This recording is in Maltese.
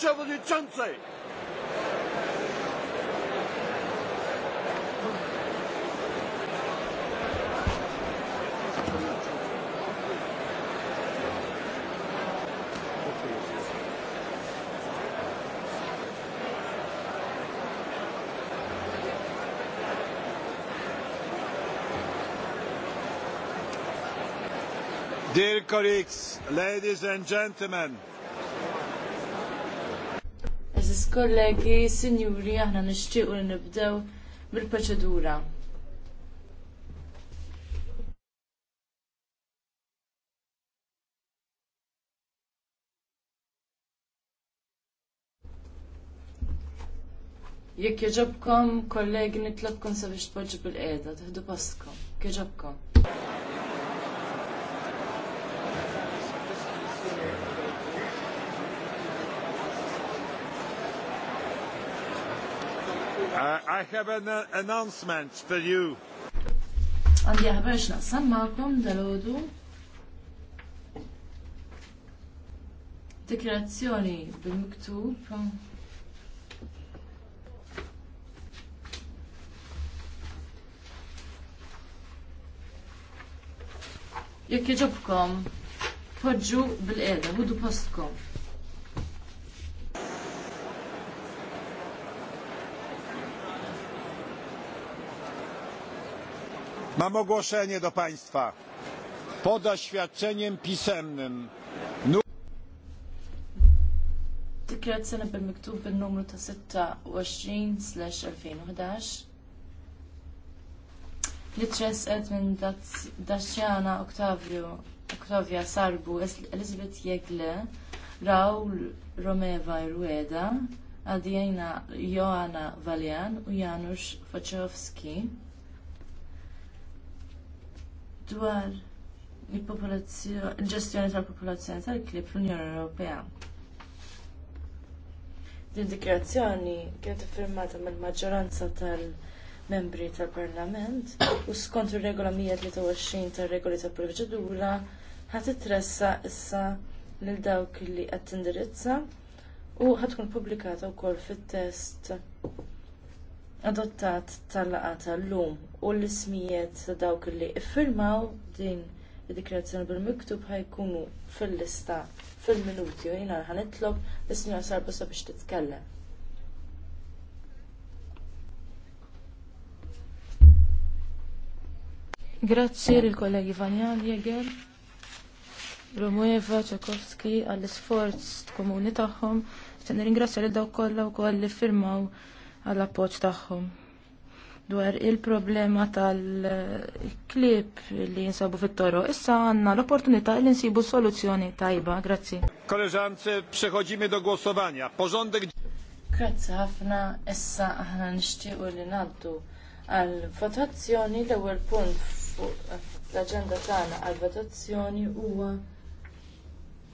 przewodniczący! Dear colleagues, ladies and gentlemen, Aziz kollegi, sinjuri, aħna nixtiequ li nibdew bil-proċedura. Jekk jġobkom, kollegi nitlobkom sabiex tpoġġu bil-qeda, tħdu paskom, jġobkom. Uh, I have an uh, announcement for you. Għandi ħabar x'naqsam dal-għodu. Dikrazzjoni bil-miktub jekk jġobkom, podġu bil-qeda, hudu postkom. Mam ogłoszenie do Państwa. Pod oświadczeniem pisemnym. Dikrazzjoni bil-miktub bil-numru ta' 26-2011 li tresqet minn Daċjana Octavio Octavia Sarbu Elizabeth Jegle Raul Romeva Rueda Adjena Joana Valian u Janusz Foczowski dwar il-ġestjoni tal-popolazzjoni tal-klib fl-Unjoni Ewropea. Din dikjarazzjoni kienet iffirmata mill-maġġoranza tal-membri tal-Parlament u skont ir-regola 123 tar-regoli tal-proċedura ħadd itressa issa lil dawk li qed tindirizza u ħadd tkun pubblikata wkoll fit-test adottat tal-laqa tal-lum u l-ismijiet ta' dawk li iffirmaw din id-dikrazzjoni bil-miktub ħajkunu fil-lista fil-minuti u jina ħanitlob l-ismijiet sarbosa biex titkellem. Grazzi l-kollegi Vanjan Jäger, Romueva, Tchaikovsky, għall-sforz komuni tagħhom. Stenni ringrazzja li kollu kollha wkoll li firmaw għall appoġġ tagħhom. Dwar il-problema tal klip li jinsabu fit-toro, issa għanna l-opportunità li nsibu soluzzjoni tajba. Grazzi. Koleżance, przechodzimy do głosowania. Porządek. Grazzi ħafna, issa aħna nixtiequ li naddu għal votazzjoni l-ewwel punt fuq l agenda tagħna għal votazzjoni huwa